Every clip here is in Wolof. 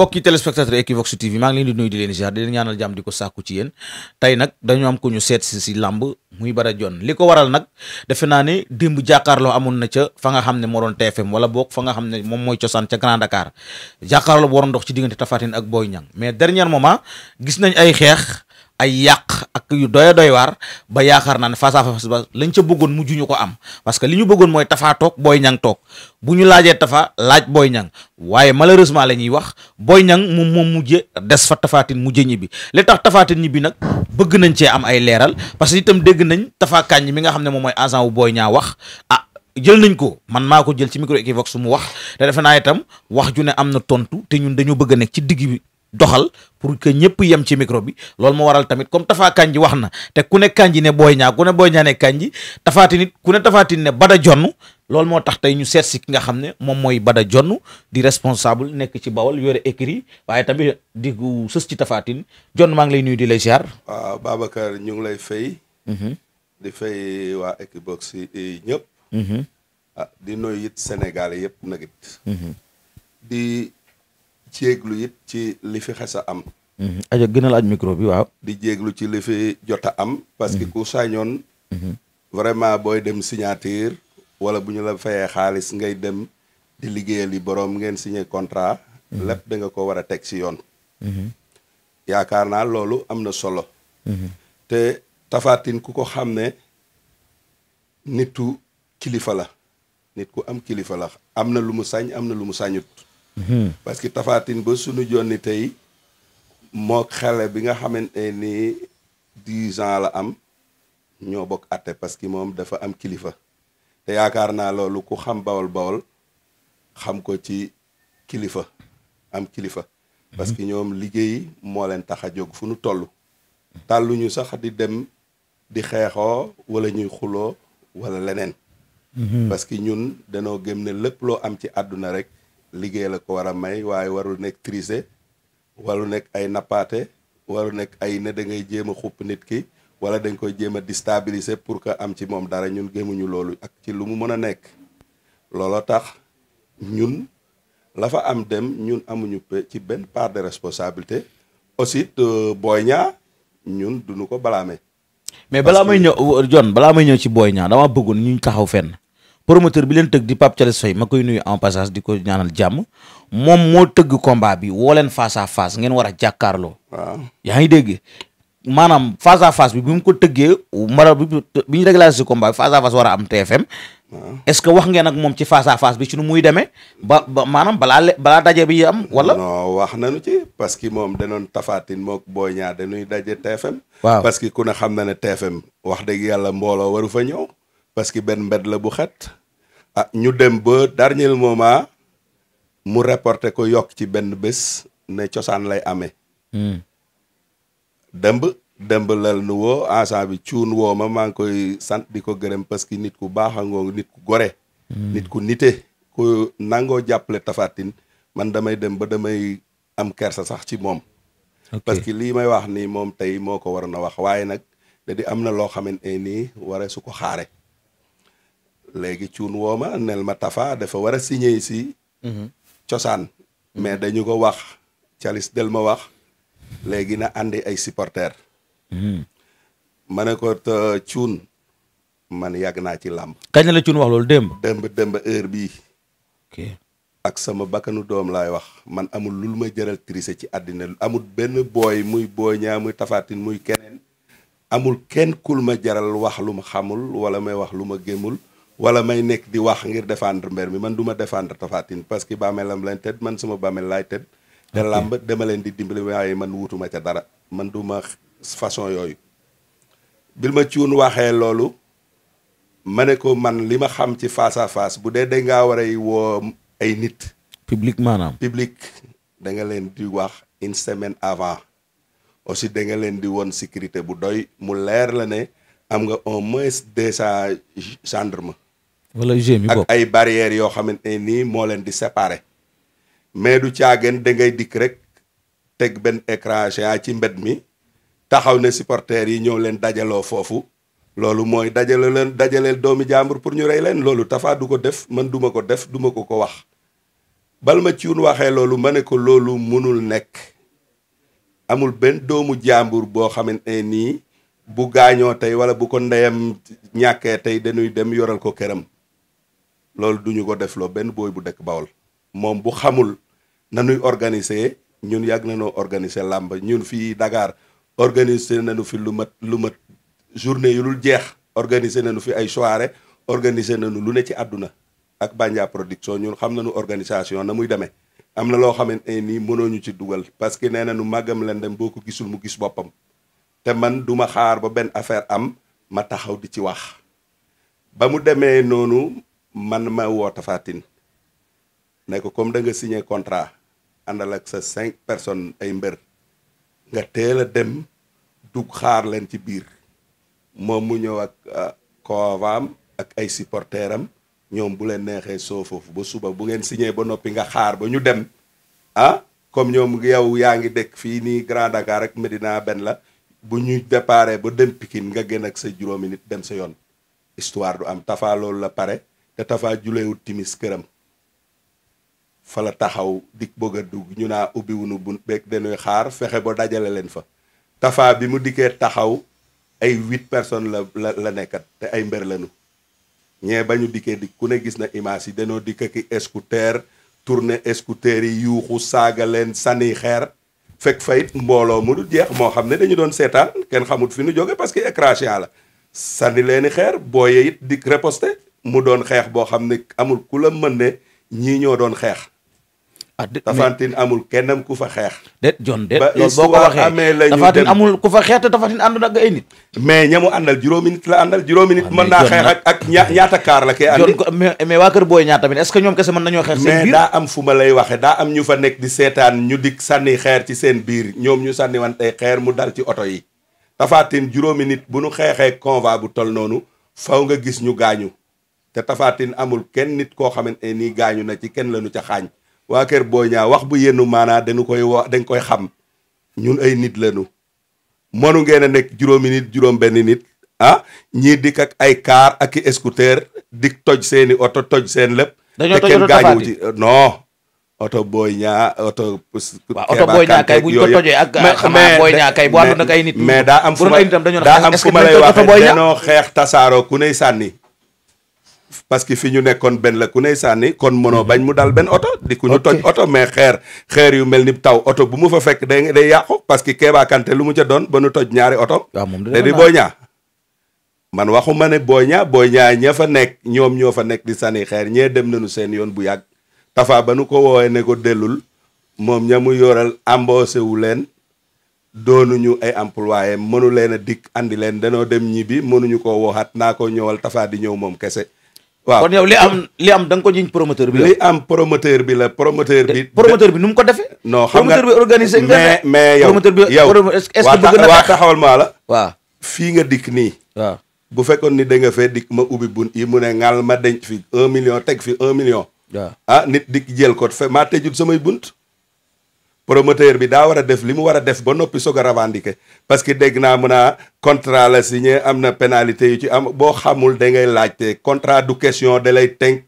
mbokki téléspectateur Equivox TV maa ngi leen di nuyu di leen ziar ñaanal jàmm di ko sàkku ci yéen tey nag dañu am ko ñu seet si si làmb muy Bara Dione li ko waral nag defe naa ne démb jàkkaarloo amoon na ca fa nga xam ne moo doon TFM wala boog fa nga xam ne moom mooy cosaan ca Grand Dakar jàkkaarloo bu waroon dox ci diggante ta Tine ak Boy Niang mais dernier moment gis nañ ay xeex ay yàq ak yu doy doy waar ba yaakaar naa ne face à face ba lañ ca bëggoon mujj ñu ko am parce que li ñu bëggoon mooy Tapha toog Boy Niang toog bu ñu laajee Tapha laaj Boy ñang waaye malheureusement la ñuy wax booy Niang moom moom mujje des fa tafaatin Tine mujje ñibbi li tax tafaatin Tine ñibbi nag bëgg nañ cee am ay leeral parce que itam dégg nañ Tapha Kandji mi nga xam ne moom mooy agent wu booy ñaa wax ah jël nañ ko man maa ko jël ci micro Equivox su mu wax te defe naa itam wax ju ne am na tontu te ñun dañoo bëgg a nekk ci digg bi doxal pour que ñëpp yem ci micro bi loolu moo waral tamit comme Tafa Kandji wax na te ku ne Kandji ne Boy Niang ku ne Boy Niang ne Kandji tafaati ku ne tafaatin ne Bada Jonn loolu moo tax tey ñu seet si ki nga xam ne moom mooy Bada Jonn di responsable nekk ci Bawol yore écrit waaye tamit di sës ci tafaatin Jonn maa ngi lay nuyu di lay siyaar waaw ñu ngi lay fay mhm. di fay waa Equivox yi eh, ñëpp mhm. ah di nuyu it Sénégal yëpp nag it mhm. di jéeglu it ci li fi xas am. Mhm. aja gën a laaj micro yi waaw. di jéglu ci li fi jot a am. parce que mhm. ku sañoon. Mhm. vraiment booy dem signature wala bu ñu la fayee xaalis ngay dem di liggéeyal yi boroom ngeen signé contrat. lépp da nga ko war a teg si yoon. yaakaar naa loolu am na solo. te tafaatin ku ko xam ne nitu kilifa la nit ku am kilifa la am na lu mu sañ am na lu mu sañut. parce que tafaatin ba sunu jonni tey moo xele bi nga xamante ni dix ans la am ñoo bokk atte parce que moom dafa am kilifa te yaakaar naa loolu ku xam bawol bawol xam ko ci kilifa am kilifa parce que ñoom liggéey moo leen tax a jóg fu nu toll tàlluñu sax di dem di xeexoo wala ñuy xuloo wala leneen mhm. parce que ñun danoo gëm ne lépp loo am ci àdduna rek liggéey la ko war a may waaye warul nekk triser warul nekk ay nappaate warul nekk ay ne da ngay jéem a xupp nit ki wala dañ koy jéem a déstabiliser pour que am ci moom dara ñun gémmuñu loolu ak ci lu mu mën a nekk looloo tax ñun lafa am dem ñun amuñu ci benn part de responsabilité aussi booy ñaa ñun duñu ko balaame mais balaa may ñëw John balaa may ñëw ci booy Niang dama bëggoon ñu taxaw fenn promoteur bi leen tëgg di Pape Thialis Faye ma koy nuyu en passage di ko ñaanal jàmm moom moo tëgg combat bi woo leen face fas ngeen war a jàkkaarloo. yaa ngi dégg maanaam face à bi bu mu ko tëggee mara bi bi ñu réglé si combat bi face à face war a am TFM. est-ce que wax ngeen ak moom ci face à bi ci nu muy demee ba ba maanaam balaa le balaa daje bi yam wala non wax nañu ci parce que moom danoon tafaatin mook booy ñaar dañuy daje TFM. parce que ku ne xam na ne TFM wax dëgg yàlla mbooloo waru fa ñëw. parce que benn mbedd la bu xet ah ñu dem ba dernier moment mu reporté ko yokk ci benn bés ne cosaan lay amee hmm. dëmb dëmb lal nu woo ensemble bi cuun woo ma maa ngi koy sant di ko gërëm parce que nit ku baax a ngoog nit ku gore hmm. nit ku nite ku nangoo jàppale tafatin man damay dem ba damay am kersa sax ci moom parce que lii may wax nii moom tey moo ko waroon a wax waaye nag da am na loo xamante nii ware su ko xaare léegi cuun ma nel ma tafa dafa war a signé si mhm. cosaan mhm. mais dañu ko wax calis del ma wax léegi na àndi ay supporter mhm. ma ne ko cuun man yàgg naa ci làmb kañ la cuun wax loolu démb démb démb heure bii ok ak sama bakkanu doom laay wax man amul lul ma jëral trisé ci àddina amul benn booy muy booy ñaa muy tafaatin muy keneen amul kenn kul ma jaral wax lu ma xamul wala may wax lu ma gémmul wala may nekk di wax ngir défendre mber mi man du ma défendre parce que bàmmeelam lañ tëdd man sama bàmmeel laay tëdd te làmb dama leen di dimbali waaye man wutuma ca dara man du ma façon yooyu bil ma ciun waaxee loolu ma ne ko man li ma xam ci face à face bu dee dee ngaa war a woo ay nit public maanaam public da nga leen di wax une semaine avant aussi da nga leen di woon sécurité bu doy mu leer la ne am nga au moins deux cent ma wala UGM ak ay barrières yoo xamante ne nii moo leen di séparer mais du caageen da ngay dikk rek teg benn écran géant ci mbed mi taxaw ne supporters yi ñëw leen dajaloo foofu loolu mooy dajale leen dajaleel doomi jàmbur pour ñu rey leen loolu Tapha du ko def man duma ko def duma ko ko wax bal ma ciun waxee loolu ma ne ko loolu mënul nekk amul benn doomu jàmbur boo xamante ne nii bu gaañoo tey wala bu ko ndeyam ñàkkee tey dañuy dem yoral ko këram loolu duñu ko defloo benn booy bu dëkk Bawol moom bu xamul nanuy organiser ñun yàgg nañoo organiser làmb ñun fii Dakar organiser nañu fi lu mat lu mat journée yu lul jeex organiser nañu fi ay soirée organiser nañu lu ne ci àdduna ak Bandia production ñun xam nañu organisation na muy demee am na loo xamante nii mënoo ñu ci dugal parce que nee nu màggam leen dem boo ko gisul mu gis boppam te man duma xaar ba benn affaire am ma taxaw di ci wax ba mu demee noonu man ma woo Tapha Tine ne ko comme danga nga contrat àndal ak sa cinq personnes ay mbër nga teel a dem dugg xaar leen ci biir moom mu ñëw ak euh, koovaam ak ay supporteram ñoom bu leen neexee soo foofu ba suba bu ngeen signé ba noppi nga xaar ba ñu dem ah comme ñoom yow yaa ngi dëkk fii nii Grand Dakar ak Medina benn la bu ñuy déparé ba dem pikin nga gën ak sa juróomi nit dem sa yoon histoire du am Tapha loolu la pare te Tafa julewut timis këram fala taxaw dik bëgg a dugg ñu naa ubbiwunu bu beeg dañuy xaar fexe ba dajale leen fa Tafa bi mu dikkee taxaw ay huit personnes la la la nekkat te ay mbër lañu ñee ba ñu dikkee dik ku ne gis na image yi dañoo dikk ki scooter tourner scooter yi yuuxu saaga leen sànni xeer fekk fayit mbooloo mu du jeex moo xam ne dañu doon seetaan kenn xamut fi nu jóge parce que écran la sànni leen i xeer booye it dik riposte mu doon xeex boo xam ne amul ku la mën ne ñii ñoo doon xeex. ah Tafatin amul kennam ku fa xeex. déet John déet loolu ko waxee amee la ñu dem amul ku fa xeex te Tafatin àndoon ak ay nit. mais ñamu àndal juróomi nit la àndal juróomi nit. mën naa xeex ak ak ña ñaata kaar la koy andi. mais mais waa Kër Boy ñaar tamit est-ce que ñoom kese mën nañoo xeex. seen biir mais daa am fu ma lay waxe daa am ñu fa nekk di seetaan ñu dig sànni xeer ci seen biir ñoom ñu sànni wan ay xeer mu dal ci oto yi. Tafatin juróomi nit bu nu xeexee convoi bu tol noonu faw nga gis ñu gaañu te tafaatin amul kenn nit koo xamante ne nii gaañu na ci kenn lañu ca xaañ waa kër Boy Niang wax bu yennu maanaa dañu koy wax dañ koy xam ñun ay nit lañu mënu ngeen a nekk juróomi nit juróom benn nit ah ñii dikk ak ay kaar ak i scooter dik toj seeni oto toj seen lépp te kenn gaañuwu ci non oto Boy Niang oto waaw oto kay buñ ko tojee ak xamaa Boy kay bu àndoon ak ay nit mais daa am fu ma daa am fu ma lay waxee danoo xeex tasaaroo ku ney sànni parce que fi ñu nekkoon benn la ku ney sànni kon mënoo bañ mu dal benn oto di ku ñu toj oto mais xeer xeer yu mel ni taw oto bu mu fa fekk day day yàqu parce que Kéba lu mu ca doon ba nu toj ñaari oto te di boo ñaa man waxuma ne boo ñaa boo ñaa ña fa nekk ñoom ñoo fa nekk di sànni xeer ñee dem nañu seen yoon bu yàgg tafa ba nu ko woowee ne ko dellul moom ña mu yoral embauché wu leen doonuñu ay employé mënu leen a dikk andi leen danoo dem ñibbi mënuñu ko wooxaat naa ko ñëwal tafa di ñëw moom kese waaw kon yow li am li am da nga ko jiñ promoteur bi li am promoteur bi la promoteur bi. Eh, promoteur bi nu mu ko defee. non xam nga promoteur bi organisé. mais mais yow promoteur bi est-ce que bëgg waa taxawal maa la. waaw fii nga dikk nii. bu fekkoon ni da nga fee dikk ma ubbi bun yi mu ne ngal ma denc fi un million teg fi un million. waaw ah nit dikk jël ko fe maa tëjul samay bunt. promoteur bi daa war a def li mu war a def ba noppi soog a revendiquer parce que dégg naa mën a contrat la signé am na pénalité yu ci am boo xamul da ngay laajte contrat du question da lay tënk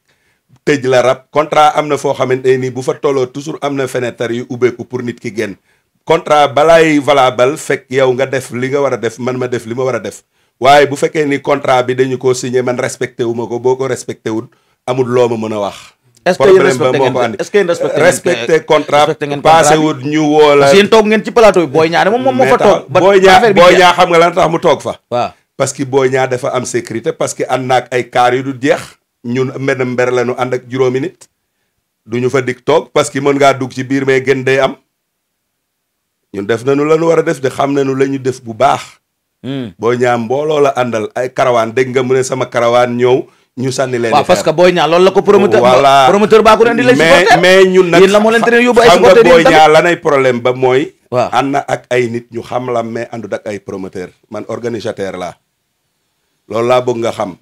tëj la rab contrat am na foo xamante nii bu fa tolloo toujours am na fenêtre yu ubbeeku pour nit ki génn contrat balaay valable fekk yow nga def li nga war a def man ma def li ma war a def waaye bu fekkee ni contrat bi dañu ko signé man respecté wu ko boo ko respecté wul amul loo ma mën a wax est-ce que respecté contrat passé wut ñu woo la yéen toog ngeen ci plateau bi booy ñaa ne moom moom moo fa toog booy ñaa booy ñaa xam nga lan tax mu toog fa waaw parce que booy ñaa dafa am sécurité parce que ànd naak ay kaar yu du jeex ñu mbenn mber la ñu ànd ak juróomi nit duñu fa dikk toog parce que mën ngaa dugg ci biir mais gën day am ñun def nañu la ñu war a def de xam nañu la ñu def bu baax hmm. booy ñaa mbooloo la àndal ay karawaan dégg nga mu ne sama karawaan ñëw ñu sànni leen waaw parce que Boy Niang loolu la ko promoteur voilà promoteur baa ko indi lay supporter mais ñun nag la moo leen tere yóbbu ay supporter Boy Niang problème ba mooy waaw ànd ak ay nit ñu xam la mais àndut ak ay promoteur man organisateur la loolu laa bëgg nga xam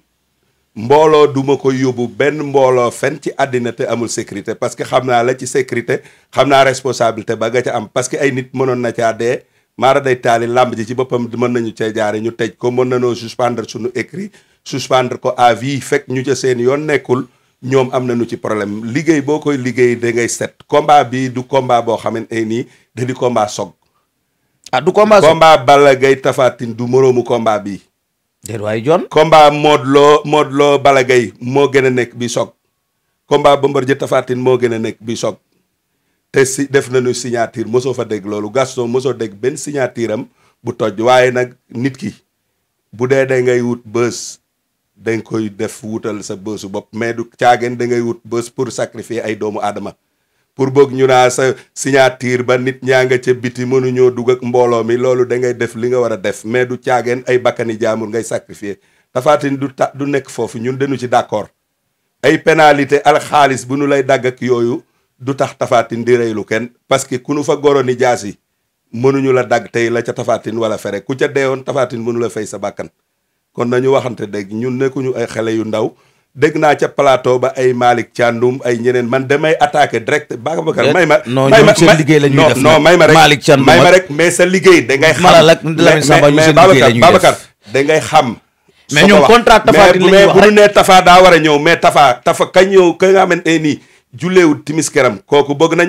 mbooloo duma ko yóbbu benn mbooloo fenn ci àddina te amul sécurité parce que xam naa la ci sécurité xam naa responsabilité ba nga ca am parce que ay nit mënoon na caa dee maara day taali làmb ji ci boppam mën nañu cee jaare ñu tej ko mën nañoo suspendre suñu écrit suspendre ko à vie fekk ñu ca seen yoon nekkul ñoom am na nañu ci problème liggéey boo koy liggéey da ngay set combat bi du combat boo xam ne nii da komba combat sog ah du combat Balla Gaye Tapha du moroomu komba bi déet waay jon combat Modou Lo Modou Lo Balla moo gën a nekk bi sog combat Bombardier Tapha Tine moo gën a nekk bi sog te si def nañu signature mosoo fa dégg loolu Gaston mosoo dégg benn signature am bu toj waaye nag nit ki bu dee da ngay wut bës da koy def wutal sa bësu bopp mais du caageen da ngay wut bës pour sacrifier ay doomu aadama pour boog ñu naa sa signature ba nit ñaa nga ca biti mënuñoo dugg ak mbooloo mi loolu dangay def li nga war a def mais du caageen ay bakkani jaamur ngay sacrifier tafaatin du ta du nekk foofu ñun dañu ci d'accord ay pénalité al bu ñu lay dagg yooyu du tax tafaatin di reylu kenn parce que ku nu fa goro ni jaas yi mënuñu la dagg tey la ca tafaatin wala fere ku ca deewoon tafaatin mënula la fay sa bàkkan kon nañu waxante dégg ñu nekkuñu ay xale yu ndaw dégg naa ca palaato ba ay Malick Thiandoum ay ñeneen man damay attaqué direct Babacar may ma non ñoom seen liggéey la ñuy def may ma rek Malick Thiandoum mais sa liggéey da ngay xam Malal ak ngay xam mais ñoom contrat Tapha mais bu ñu nee Tapha daa war a ñëw mais Tapha Tapha ka ñëw ka nga xamante nii julleewut timis keram kooku bëgg na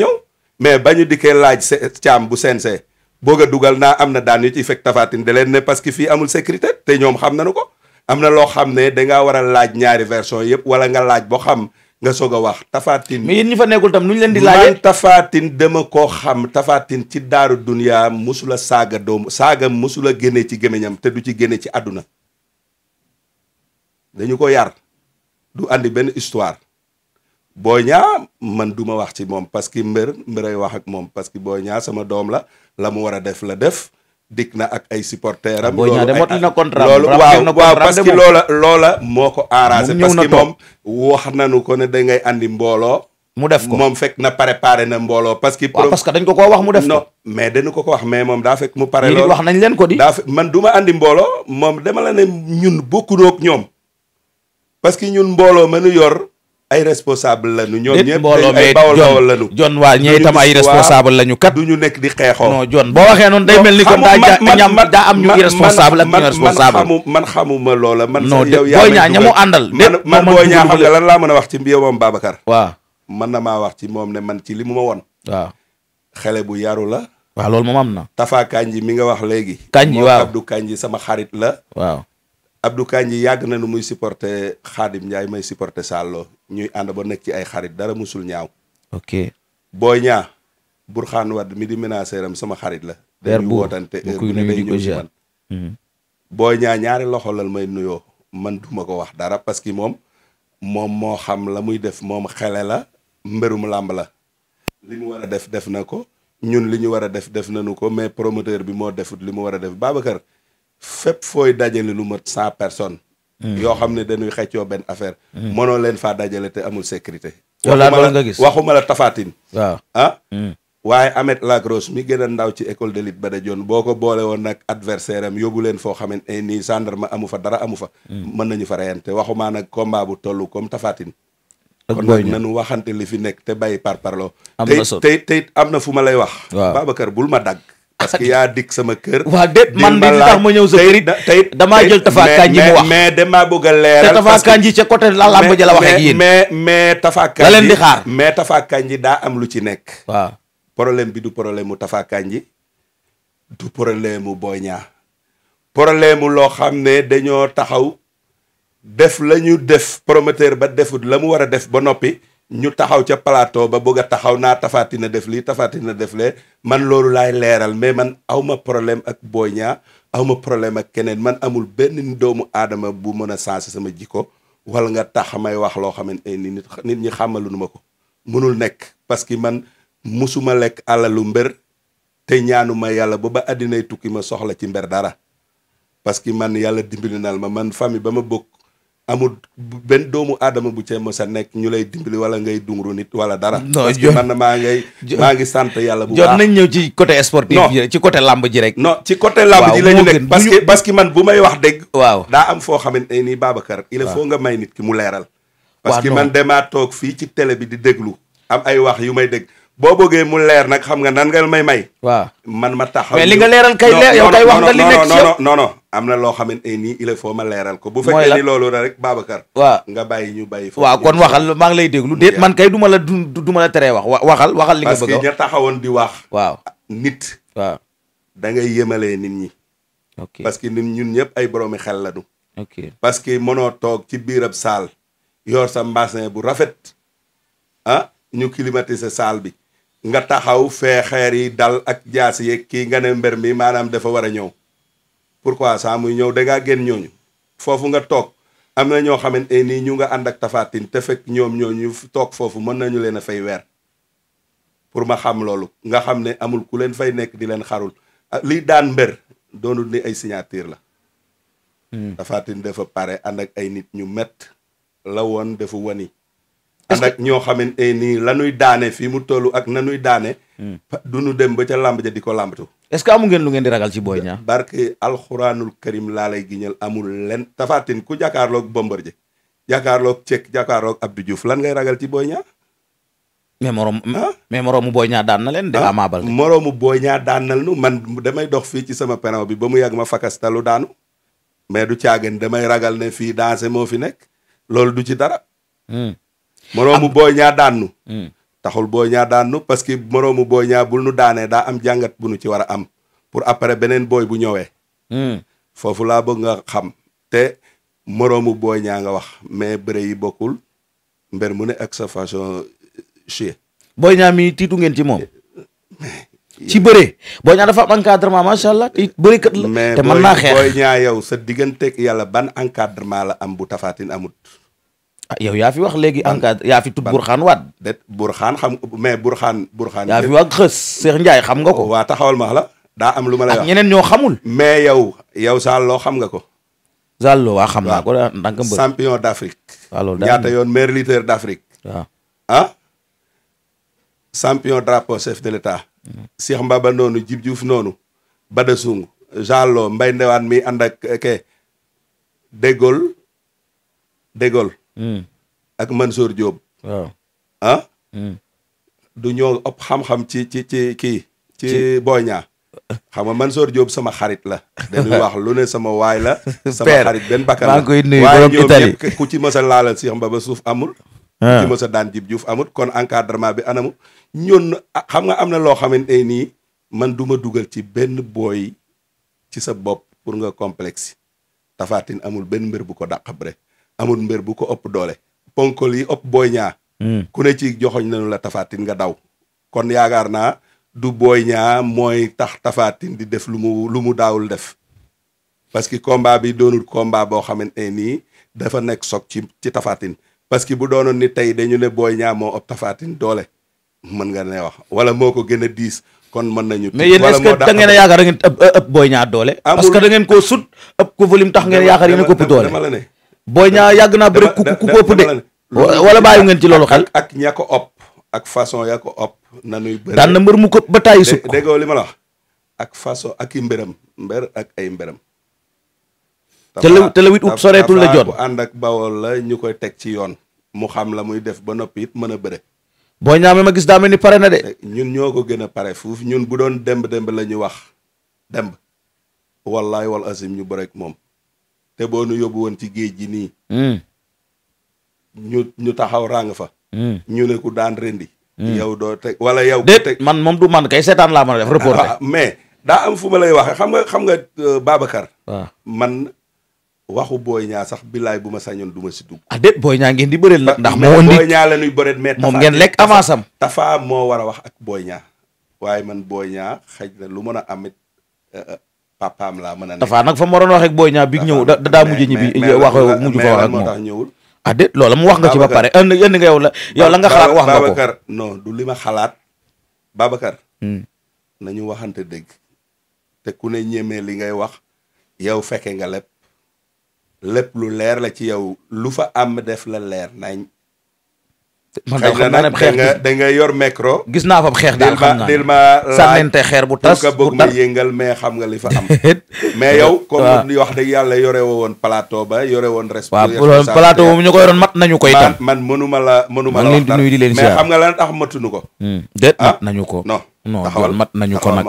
mais bañu dikkee laaj caam bu CNG bëgg a dugal naa am na daan yi ci fekk tafaatin da leen ne parce que fii amul sécurité te ñoom xam nañu ko am na loo xam ne dangaa war a laaj ñaari version yëpp wala nga laaj boo xam nga soog a wax tafaatin mais yéen ñu fa nekkul tam nu ñu leen di laajee man tafaatin dama koo xam tafaatin ci daaru duniyaa musula saaga doomu saaga musula génne ci gémmiñam te du ci génne ci àdduna dañu ko yar du andi benn histoire Boy Niang man du ma wax ci moom parce que mbër mbëray wax ak moom parce que Boy Niang sama doom la la mu war a def la def dikk na ak ay supporters am. loolu loolu waaw waaw parce que loola loola moo ko arrangé. parce que moom wax nañu ko ne da ngay andi mbooloo. mu def ko moom fekk na préparé na mbooloo parce que. waaw parce que dañ ko ko wax mu def ko. non mais dañu ko ko wax mais moom daa fekk mu pare. loolu wax leen ko di. daa man du ma andi mbooloo moom dama la ne ñun bokkunook ñoom parce que ñun mbooloo mënu yor. ay responsable lañu ñoom ñëpp ay bawol bawol lañu jon waa ñee itam ay responsable lañu kat du ñu nekk di xeexoo non jon boo waxee noonu day mel ni comme daa ñam daa am ñu irresponsable ak ñu responsable man xamu man xamuma loola man non yow yaa booy ñaa ñamu àndal man man booy ñaa xam nga lan laa mën a wax ci mbiyo moom Babacar waaw mën na maa wax ci moom ne man ci li mu ma woon waaw xale bu yaru la waaw lool moom am na Tafa Kanji mi nga wax léegi Kanji waaw Abdou Kanji sama xarit la waaw Abdou Kandji yàgg na nu muy supporter Khadim Ndiaye may supporter Sàllo ñuy ànd ba nekk ci ay xarit dara musul ñaaw. ok booy ñaa Burxaan Wad mi di menaceram sama xarit la. dañuy wootante heure bu ne day ñëw ci man hmm. booy ñaa ñaari loxo lal may nuyoo man duma ko wax dara parce que moom moom moo xam la muy def moom xele la mbërum làmb la. li mu war a def def na ko ñun li ñu war a def def nañu ko mais promoteur bi moo defut li mu war a def Babacar. fépp fooy dajale lu mat cent personnes. Hmm. yoo xam ne dañuy xëccoo benn affaire. Hmm. mënoo leen faa dajale te amul sécurité. wala loolu nga gis waxuma la tafaatin. waaw ah. Hmm. waaye Ahmed Lagros mi gën a ndaw ci école de lutte ba da joon boo ko boole woon nag adversaire am yóbbu leen foo xamante ne nii gendarme amu fa dara amu fa. mën nañu fa reyante waxumaa nag combat bu tollu kom tafaatin. kon nag nanu waxante li fi nekk te bàyyi par am na solo tey am na fu ma lay wax. waaw Babacar bul ma dagg. parce que yaa dikk sama kër. waaw déet man di tax ma ñëw sa kër it tey damaa jël Tafa mu wax mais damaa bëgg a leeral. te Tafa Kanji ca côté la làmb ja waxee ak mais mais Tafa mais Tafa daa am lu ci nekk. waa problème bi du problème mu Tafa Kanji du problème mu Boy Niang mu loo xam ne dañoo taxaw def la ñu def promoteur ba defut la mu war a def ba noppi. ñu taxaw ca plateau ba bëgg a taxaw naa tafatina def lii tafatina def lee man loolu laay leeral mais man awma problème ak Boy Niang awma problème ak keneen man amul benn doomu aadama bu mën a sensé sama jiko wala nga tax may wax loo xam ne ni nit nit ñi xàmmaluñu ma ko mënul nekk parce que man mësuma lekk alalu mbër te ñaanuma yàlla ba ba addinay tukki ma soxla ci mbër dara parce que man yàlla dimbali na ma man famille ba ma bokk amul benn doomu aadama bu cee mës a nekk ñu lay dimbali wala ngay dungru nit wala dara. non parce que man maa ngay ngi sant yàlla bu baax jot nañ ñëw ci côté sportif. ji ci côté lamb ji rek. no ci côté lamb ji la ñu nekk parce parce que man bu may wax dëgg. waaw daa am foo xamante ne nii Babacar. il faut nga may nit ki mu leeral. parce que man damaa toog fii ci tele bi di déglu am ay wax yu may dëgg boo bëggee mu leer nag xam nga nan nga may may. waaw man ma taxaw. mais li nga leeral kay leer yow kay wax nga li nekk non non non am na loo xamante ni il faut ma leeral ko. bu fekkee ni loolu rek Babacar. waaw nga bàyyi ñu bàyyi. foofu waaw kon waxal maa ngi lay déglu déet man kay ma la du du ma la teree wax waxal waxal li nga bëgg a wax. taxawoon di wax. waaw nit. waaw da ngay nit ñi. ok parce que ñun ñëpp ay boroomi xel la du. ok parce que mënoo toog ci biir ab saal yor sa mbasin bu rafet ah ñu climatiser saal bi nga taxaw fee xeer yi dal ak jaas yeeg kii nga ne mbër mii maanaam dafa war a ñëw quoi saa muy ñëw da ngaa génn ñooñu foofu nga toog am na ñoo xamante ni ñu nga ànd ak tafaatin te fekk ñoom ñooñu toog foofu mën nañu leen a fay weer pour ma xam loolu nga xam ne amul ku leen fay nekk di leen xarul ah, liy daan mbër doonul ni ay signature la hmm. tafaatin dafa pare ànd ak ay nit ñu mett la woon dafa wani and ak ñoo xamante ni lanuy daane fii mu tollu ak nanuy daane. Hmm. du nu dem ba ca làmb ja di ko làmbatu. est-ce que amu ngeen lu ngeen di ragal ci Boy Niang. barke alxuraanul karim laa lay giñal amul len tafaatin ku jàkkaarloog Bombardier jàkkaarloog Cek jàkkaarloog Abdou juuf lan ngay ragal ci Boy Niang. mais morom mu moroomu ñaa ah? daan na leen. de ah? Ama Baldé mu Boy Niang daan na nu man damay dox fii ci sama peron bi ba mu yàgg ma fakastalu daanu mais du caagin damay ragal ne fii danse moo fi nekk loolu du ci dara. Hmm. moroomu booy ñaa daannu hmm. taxul booy daan nu parce que moroomu booy ñaa bul nu daanee daa am jàngat bu nu ci war a am pour après beneen booy bu ñëwee hmm. foofu laa bëgg nga xam te moroomu booy ñaa nga wax mais bëre yi bokkul mber mu ne ak sa façon euh, booy ñaa mi tiitu ngeen ci moom ci bëre booy ñaa dafa am encadrement macha allah te bëre kat la te mën naa xeex mais yow sa diggante yàlla ban encadrement la am bu tafaatin amut Ah, yow yaa fi wax léegi encadré yaa fi tudd Bourkhane Wade. déet Bourkhane xam mais Bourkhane Bourkhane. yaa fi wax xës Cheikh Ndiaye xam nga ko. waa taxawal ma la daa am lu ma lay wax ñeneen ñoo xamul. mais yow yow Saaloo xam nga ko. Saaloo wa xam naa ko champion d' Afrique. waaw loolu ñaata yoon meilleur lutteur d' Afrique. ah. champion drapeau chef de l' état. Cheikh Mbaba noonu Djib Diouf noonu. Bada Sung Saaloo mbay Ndewaan mi ànd ak kee. Hmm. ak Mansour Diop. waaw ah. Hmm. du ñoo ëpp xam-xam ci ci ci kii. ci Boy Niang. xam nga Mansour Diop sama xarit la. dañuy wax lu ne sama waay la. sama xarit benn bakkan la maa ngi koy nuyu borom Italie ku ci mës a laalal Cheikh Mbaba suuf amul. Ah. ci mës daan jib juuf amul kon encadrement bi anamu. ñun xam nga am na loo xam xamante nii man duma dugal ci benn booy ci sa bopp pour nga complexe. Tapha Tine amul benn mbir bu ko dàq bre amul mbër bu ko ëpp doole ponkol yi ëpp booy ñaa hmm. ku ne ci joxoñ nañu la tafaatin nga daw kon yaakaar naa du booy ñaa mooy tax tafaatin di def lu mu lu mu daawul def parce que combat bi doonul combat boo xamante ne nii dafa nekk soog ci ci tafaatin parce que bu doonoon ni tey dañu ne booy ñaa moo ëpp tafaatin doole mën nga ne wax wala moo ko gën a diis kon mën nañu. mais yéen est-ce que da a yaakaar da ngeen doole. parce que da ngeen koo sut ëpp ko volume tax ngeen yaakaar yéen a ko ëpp doole la ne. booy ñaa yàgg naa bëri ku ku ëpp de wala bàyyi ngeen ci loolu xel ak ña ko opp ak façon yaa ko opp nanuy bëri daan na mbër mu ko ba tàyyi sut li ma wax ak façon ak i mbéram mbér ak ay mbéram te la te la wit ut soreetul la jot bu ànd ak bawol la ñu koy teg ci yoon mu xam la muy def ba noppi it mën a bëre boo ñaamee ma gis daa mel ni pare na de eh, ñun ñoo ko gën a pare foofu ñun bu doon demb demb la ñu wax demb wallaay wal asim ñu bërek moom te boo nu yóbbu woon ci géej gi nii hmm. ñu ñu taxaw ràng fa hmm. ñu ne ku daan rendi hmm. yow doo teg wala yow de man moom du man kay seetaan laa mën a def reporté ah, mais daa am fu ma lay waxe xam nga xam nga euh, Babacar waaw ah. man waxu booy ñaa sax billaay bu ma sañoon du ma si dugg ah déet booy ñaa ngeen di bëreel nag ndax moo indi booy ñaa la ñuy bëreet mais moom ngeen lekk avance am tafaa moo war a wax ak booy ñaa waaye man booy ñaa na lu mën a amit euh, euh, papaam laa mën a nekk nag fa ma waroon wax ak booy ñaa ñëw da daa mujj ñibbi wax mujj fa wax ak moom ah déet mu wax nga ci ba pare ënd ënd nga yow la yow la nga xalaat wax nga ko Babacar non du li ma xalaat Babacar hmm. nañu waxante dëgg te ku ne ñemee li ngay wax yow fekke nga lépp lépp lu leer la ci yow lu fa am def la leer nañ man daal xam xeex nga da nga yor micro. gis naa fa xeex daal xam naa dil ma euh, sànnante xeer bu tas pour bëgg ma yëngal mais xam nga li fa am. mais yow. comme ni wax dëgg yàlla yore woon plateau ba yore woon. responsable waaw plateau boobu ñu ko yoroon mat nañu ko itam. man man mënu ma la mënu ma la wax dara di leen lan tax matuñu ko. Hmm. déet ah, mat nañu ko. no non mat nañu ko nag.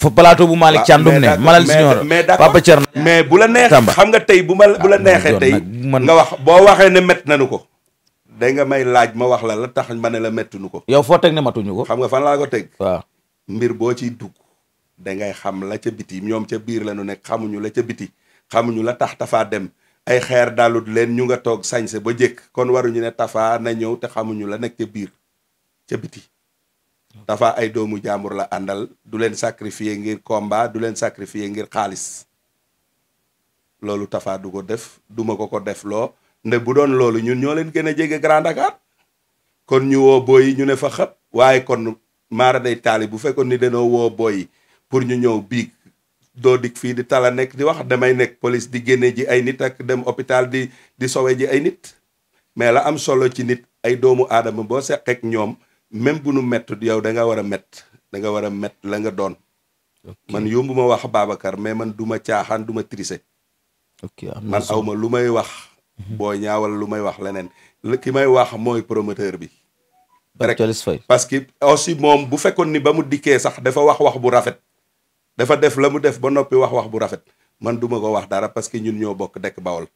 fa plateau bu Malick ah, Thiandoum ne Malal Senior Papa Thierno mais bu la neex xam nga tey bu ma bu la ah, neexee tey nga wax boo waxee ne met nañu ko da nga may laaj ma wax la la tax ma ne la mettuñu ko. yow foo teg ne matuñu ko. xam nga fan laa ko teg. waaw mbir boo ciy dugg da ngay xam la ca biti ñoom ca biir la nekk xamuñu la ca biti xamuñu la tax tafaa dem ay xeer dalut leen ñu nga toog sañ se ba jëkk kon waruñu ne tafa na ñëw te xamuñu la nekk ca biir ca biti. dafa ay doomu jaambur la àndal du leen sacrifier ngir komba du leen sacrifier ngir xaalis loolu tafa du ko def duma ko ko def loo nde bu doon loolu ñun ñoo leen gën a jege Grand Dakar kon ñu woo booy yi ñu ne fa xëpp waaye kon maara day taali bu fekkoon ni dañoo woo booy yi pour ñu ñëw biig doo dik fii di tal a nekk di wax damay nekk police di génne ji ay nit ak dem hôpital di di sowe ji ay nit mais la am solo ci nit ay doomu aadama boo seqeek ñoom même bu nu mettut yow danga nga war a mett da nga war a mett la nga doon man yombu ma wax Babacar mais man du ma caaxaan duma ma triser man awma lu may wax Mhm. boo ñaawal lu may wax leneen ki may wax mooy promoteur bi. rek parce que aussi moom bu fekkoon ni ba mu dikkee sax dafa wax wax bu rafet. dafa def la mu def ba noppi wax wax bu rafet man duma ko wax dara parce que ñun ñoo bokk dekk bawol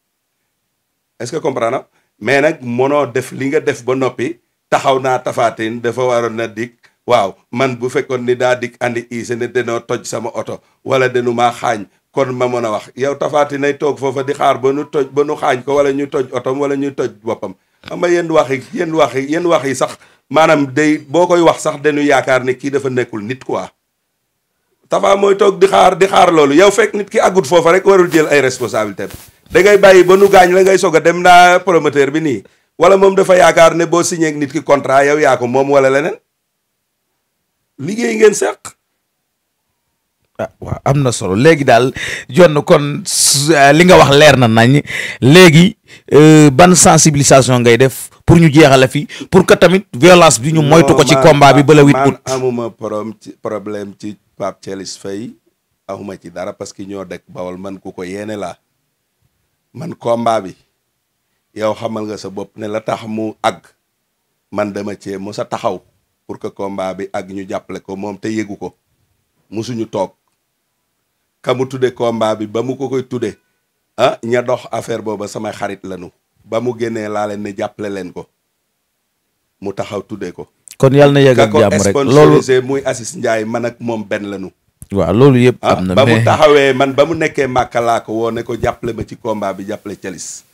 est-ce que comprendre mais nag mënoo def li nga def ba noppi taxaw naa tafaatin dafa waroon na dikk waaw man bu fekkoon ni daa dikk andi ise ne danoo toj sama oto wala danu maa xaañ kon ma mën a wax yow tafaati nay toog foofa di xaar ba nu toj ba nu xaañ ko wala ñu toj otom wala ñu toj boppam xam nga yenn wax yi yenn wax yi yenn wax yi sax maanaam day boo koy wax sax dañu yaakaar ne kii dafa nekkul nit quoi tafaa mooy toog di xaar di xaar loolu yow fekk nit ki agut foofa rek warul jël ay responsabilité dangay bàyyi ba nu gaañ la ngay soog a dem naa promoteur bi nii wala moom dafa yaakaar ne boo siñeek nit ki contrat yow yaa moom wala leneen Ah, waaw am na solo léegi daal jonn kon ah, li nga wax leer na nañ léegi euh, ban sensibilisation ngay def pour ñu jeexale fi pour que tamit violence bi ñu moytu ko ci combat bi bala huit août amuma problème ci Pape Thialis Faye amuma ci dara parce que ñoo dëkk Bawol man ku ko yéene laa man combat bi yow xamal nga sa bopp ne la tax mu àgg man dama cee mu sa taxaw pour que combat bi ak ñu jàppale ko moom te yëgu ko musuñu toog ka mu tudde combat bi ba mu ko koy tudde ah ña dox affaire booba samay xarit lañu ba mu génnee laa leen ne jàppale leen ko mu taxaw tuddee ko. kon yàlla na yegg ak jàmm rek loolu muy Assis Ndiaye man ak moom benn lañu. waaw loolu yëpp ah, am na. ba mu taxawee man ba mu nekkee Màkka laa ko woone ko jàppale ma ci combat bi jàppale Thialis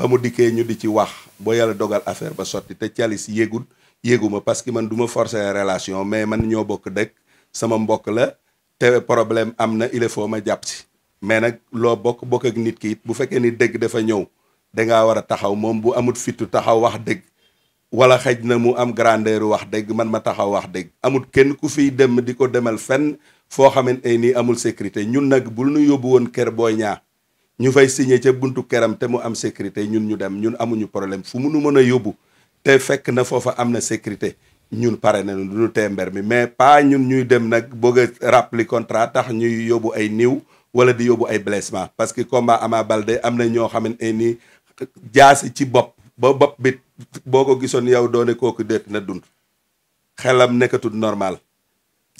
ba mu dikkee ñu di ci wax boo yàlla dogal affaire ba sotti te Thialis yéegul yéeguma parce que man du ma forcer relation mais man ñoo bokk dëkk sama mbokk la te problème am na il faut ma jàpp si mais nag loo bokk bokk ak nit ki it bu fekkee ni dëgg dafa ñëw dangaa war a taxaw moom bu amut fitu taxaw wax dëgg wala xëj na mu am grandeur wax dëgg man ma taxaw wax dëgg amut kenn ku fi dem di ko demal fenn foo xamante ni amul sécurité ñun nag bul nu yóbbu woon kër booy ñaa ñu fay signé ca buntu këram te mu am sécurité ñun ñu dem ñun amuñu problème fu mu nu mën a yóbbu te fekk na foofa am na sécurité ñun pare nañu lu dul mber mi mais pas ñun ñuy dem nag bëgg a rappli contrat tax ñuy yóbbu ay niiw wala di yóbbu ay blessement parce que combat Ama balde am na ñoo xamante ni jaasi ci bopp ba bopp bi boo ko gisoon yow doone kooku déet na dund xelam nekkatul normal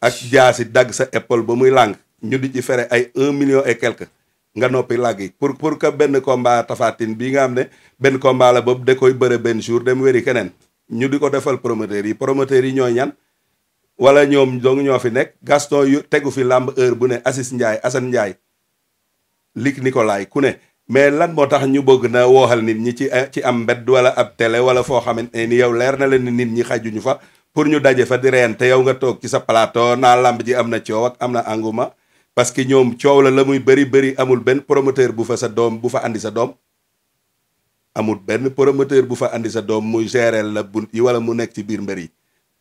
ak jaasi dagg sa épaule ba muy lang ñu di ci fere ay un million et quelque nga noppi làgg yi pour pour que benn combat tafatin bii nga xam ne benn combat la boobu da koy bëre benn jour dem wéri keneen ñu di ko defal promoteurs yi promoteurs yi ñooy ñan wala ñoom dong ñoo fi nekk Gaston yu tegu fi làmb heure bu ne Assis Ndiaye Assane Ndiaye Luc Nicolaï ku ne mais lan moo tax ñu bëgg na wooxal nit ñi ci ci am mbedd wala ab tele wala foo xamante ni yow leer na leen nit ñi xajuñu fa pour ñu daje fa di reen te yow nga toog ci sa plateau naa lamb ji am na coow ak am na engouement parce que ñoom coow la la muy bëri bëri amul benn promoteur bu fa sa doom bu fa andi sa doom amul benn promoteur bu fa andi sa doom muy géreel la bu wala mu nekk ci biir mbër yi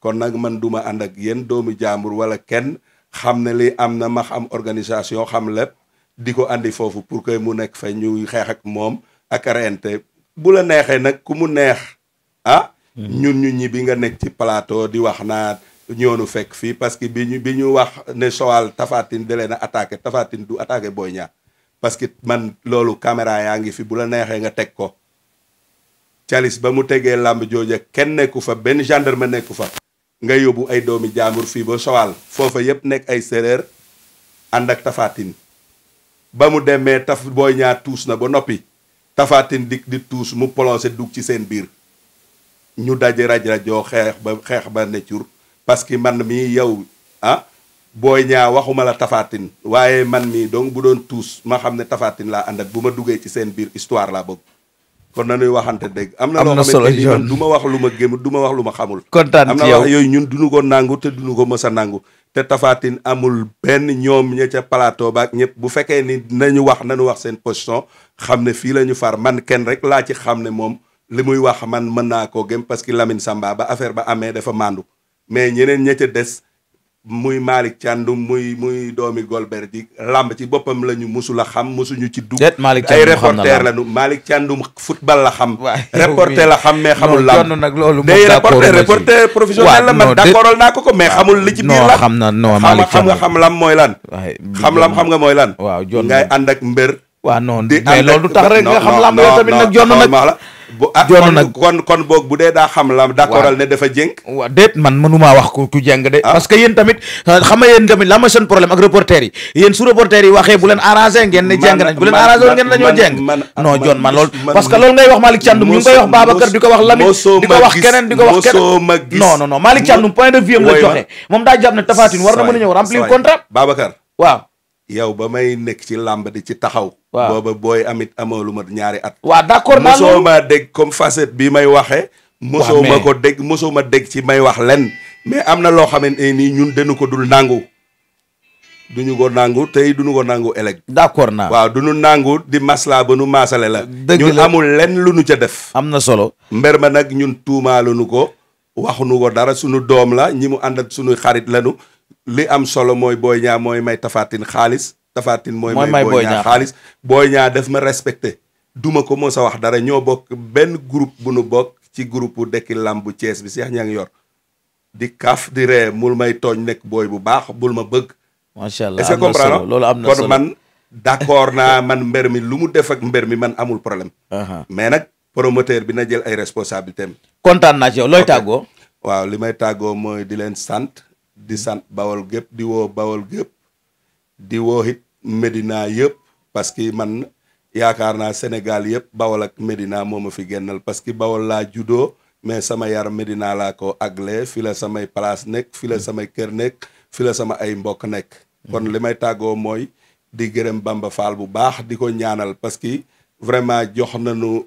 kon nag man duma ànd ak yéen doomu jaambur wala kenn xam ne li am na max am organisation xam lépp di ko andi foofu pour que mu nekk fa ñuy xeexak ak moom ak rente bu la neexee nag ku mu neex ah hmm. ñun ñu ñi bi nga nekk ci plateau di wax naa ñoonu fekk fii parce que bi ñu bi ñu wax ne sowal Taphatine da leen a attaqué Taphatine du attaqué Boy Niang parce que man loolu caméra yaa ngi fi bu la neexee nga teg ko calis ba mu tegee làmb jooja kenn nekku fa benn gendre ma nekku fa nga yóbbu ay doomi jaambur fii ba Joal foofa yépp nekk ay séréer ànd ak tafaatin ba mu demee taf booy ñaar tuus na ba noppi tafaatin dikk di tuus mu plongé dugg ci seen biir ñu daj raj rajoo xeex ba xeex ba ne cur parce que man mii yow ah booy ñaa waxuma la tafaatin waaye man mii donc bu doon tuus ma xam ne tafaatin laa ànd ak bu ma duggee ci seen biir histoire laa bëgg kon nanuy waxante dégg am na loo xamante ni wax lu ma gëm du ma wax lu ma xamul kontaan ci yow yooyu ñun duñu ko nangu te duñu ko mës a nangu te tafaatin amul benn ñoom ña ca plateau baak ñëpp bu fekkee ni nañu wax nañu wax seen position xam ne fii la ñu far man kenn rek laa ci xam ne moom li muy wax man mën naa koo gëm parce que Lamine Samba ba affaire ba amee dafa mandu mais ñeneen ña ca des muy Malick Thiandoum muy muy doomi Golbert di làmb ci boppam la ñu musul a xam musuñu ci dugg ay reporter la ñu Malick Thiandoum la xam reporter la xam mais xamul làmb day reporter reporter professionnel la man d'accordal naa ko ko mais xamul li xam na non Malick xam nga xam lam mooy lan xam lam xam nga mooy lan waaw ngay ànd ak mbër waaw non mais loolu tax rek nga xam lamb yow tamit nag jonn nag bu ah, kon kon boog bu dee daa xam la d'accordal ne dafa jéng waaw déet man mënumaa wax ku ku jéng de ah. parce que yéen tamit euh, xam nga yéen tamit la ma seen problème ak reporter yi yéen su reporter yi waxee bu leen arrangé ngeen ne jéng nañ bu leen arrangé ngeen dañoo jéng ah, non John man loolu parce que loolu ngay wax Malick Thiandoum ñu ngi koy wax Babacar di ko wax am la joxe moom daa jàpp ne Tapha Tine mën a ñëw remplir contrat Babacar waaw yow ba may nekk ci làmb di ci taxaw waaw booba booy amit amoo lu ma ñaari at. waaw d' accord naa mosoo ma dégg comme facette bi may waxee. mosoo ma ko dégg mosoo ma dégg ci may wax len mais am na loo xamante nii ñun dañu ko dul nangu. duñu ko nangu tey duñu ko nangu éleg d' accord naa waaw duñu nangu di masla ba nu masale la. ñun amul lenn lu nu ca def. am na solo. mber ma nag ñun tuumaalu nu ko. waxuñu ko dara suñu doom la ñi mu ànd ak suñu xarit lañu. li am solo mooy booy ñaa mooy may tafaatin xaalis. tafaatin mooy may booy ñaa xaalis booy ñaa def ma respecté duma ko mos a wax dara ñoo bokk benn group bu nu bokk ci groupe dekki lam bu Thiès bi Cheikh ñaa ngi yor di kaaf di ree mul may tooñ nekk booy bu baax bul ma bëgg macha allah est-ce que comprendre loolu am na solo kon man d'accord naa man mbër mi lu mu def ak mbër mi man amul problème uh-huh. mais nag promoteur bi na jël ay responsabilité am kontaan naa ci yow looy tàggoo waaw li may tàggoo mooy di leen sant di sant bawol gépp di woo bawol gépp di woo it Médina yëpp parce que man yaakaar naa Sénégal yëpp Bawol ak Médina moo ma fi génnal parce que Bawol laa mais sama yar Médina laa ko agle fi la samay place nekk fi la samay kër nekk fi la sama ay mbokk nekk kon li may tàggoo mooy di gërëm Bamba fal bu baax di ko ñaanal parce que vraiment jox nañu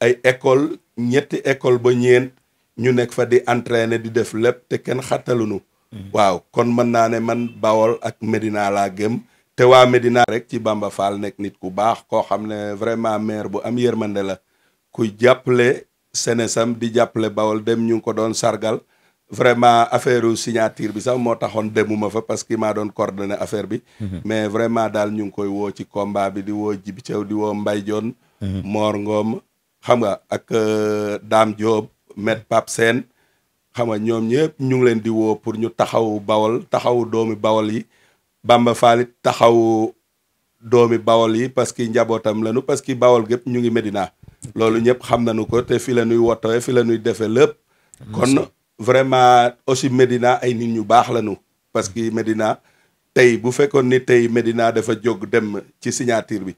ay école ñetti école ba ñeent ñu nekk fa di entraîner di def lépp te kenn xattaluñu Mhm. waaw kon mën naa ne man Bawol ak Medina laa gëm te waa Medina rek ci Bamba Fall nekk nit ku baax koo xam ne vraiment mair bu am yërmande la ku jàppale senesam di jàppale Bawol dem ñu ngi ko doon sargal vraiment affaire signature bi sax moo taxoon demuma fa parce que maa doon coordonné affaire bi. Mhm. mais vraiment daal ñu ngi koy woo ci combat bi di woo Jibi Thiaw di woo Mbay Joon Moor mhm. Ngoom xam nga ak euh, Dame Diop Met Pape Sène xam nga ñoom ñëpp ñu ngi leen di woo pour ñu taxaw bawal taxawu doomi bawal yi Bamba Fall taxaw doomi bawal yi parce que njabootam lanu parce que bawal gépp ñu ngi Medina loolu ñëpp xam nañu ko te fi la ñuy wotowe fi la ñuy defee lépp kon vraiment aussi Medina ay nit ñu baax lañu parce que Medina tey bu fekkoon ni tey Medina dafa jóg dem ci signature bi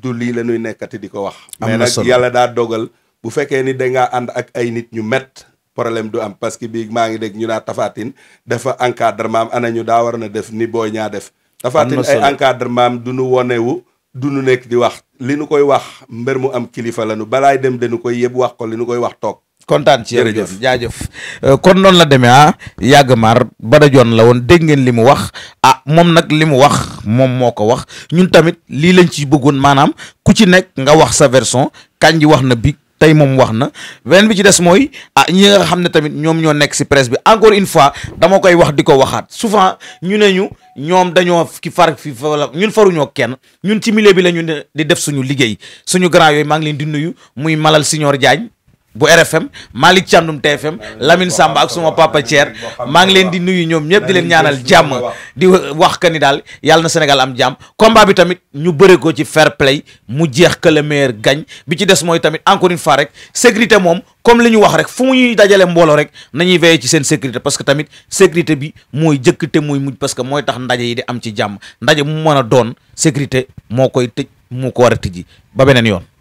du lii la ñuy nekkati di ko wax mais nag yàlla daa dogal bu fekkee ni dangaa ànd ak ay nit ñu met problème du am parce que biig maa ngi dégg ñu naa tafaatin dafa encadrement ana ñu daa war na def ni booy ñaa def tafaatin ay encadrement du nu wonewu du nu nekk di wax li nu koy wax mbër mu am kilifa la nu balaay dem dañu koy yëpp wax ko li nu koy wax toog kontaan ci jërëjëf jaajëf euh, kon noonu la demee ah yàgg maar Bada Dione la woon dégg ngeen li mu wax ah moom nag li mu wax moom moo ko wax ñun tamit lii lañ ci bëggoon maanaam ku ci nekk nga wax sa version Kandji wax na bi tey moom wax na beneen bi ci des mooy ah ñi nga xam ne tamit ñoom ñoo nekk si presse bi encore une fois dama koy wax di ko waxaat souvent ñu ne ñu ñoom dañoo ki far fi wala ñun faruñoo kenn ñun ci milieu bi la ñu di def suñu liggéey suñu grand yooyu maa ngi leen di nuyu muy Malal Signor Diagne bu RFM Malick Thiandoum TFM ah, Lamine Samba ak suma papa Thier maa ngi leen di nuyu ñoom ñëpp di leen ñaanal jàmm di wax ka ni daal yàlla na Sénégal am jàmm combat bi tamit ñu bëre ko ci fair play mu jeex que le meilleur bi ci des mooy tamit encore une fois rek sécurité moom comme li ñu wax rek fu mu ñuy dajale mbooloo rek nañuy veiller ci seen sécurité parce que tamit sécurité bi mooy jëkk te mooy mujj parce que mooy tax ndaje yi di am ci jàmm ndaje mu mën a doon sécurité moo koy tëj moo ko war a tëjji ba beneen yoon.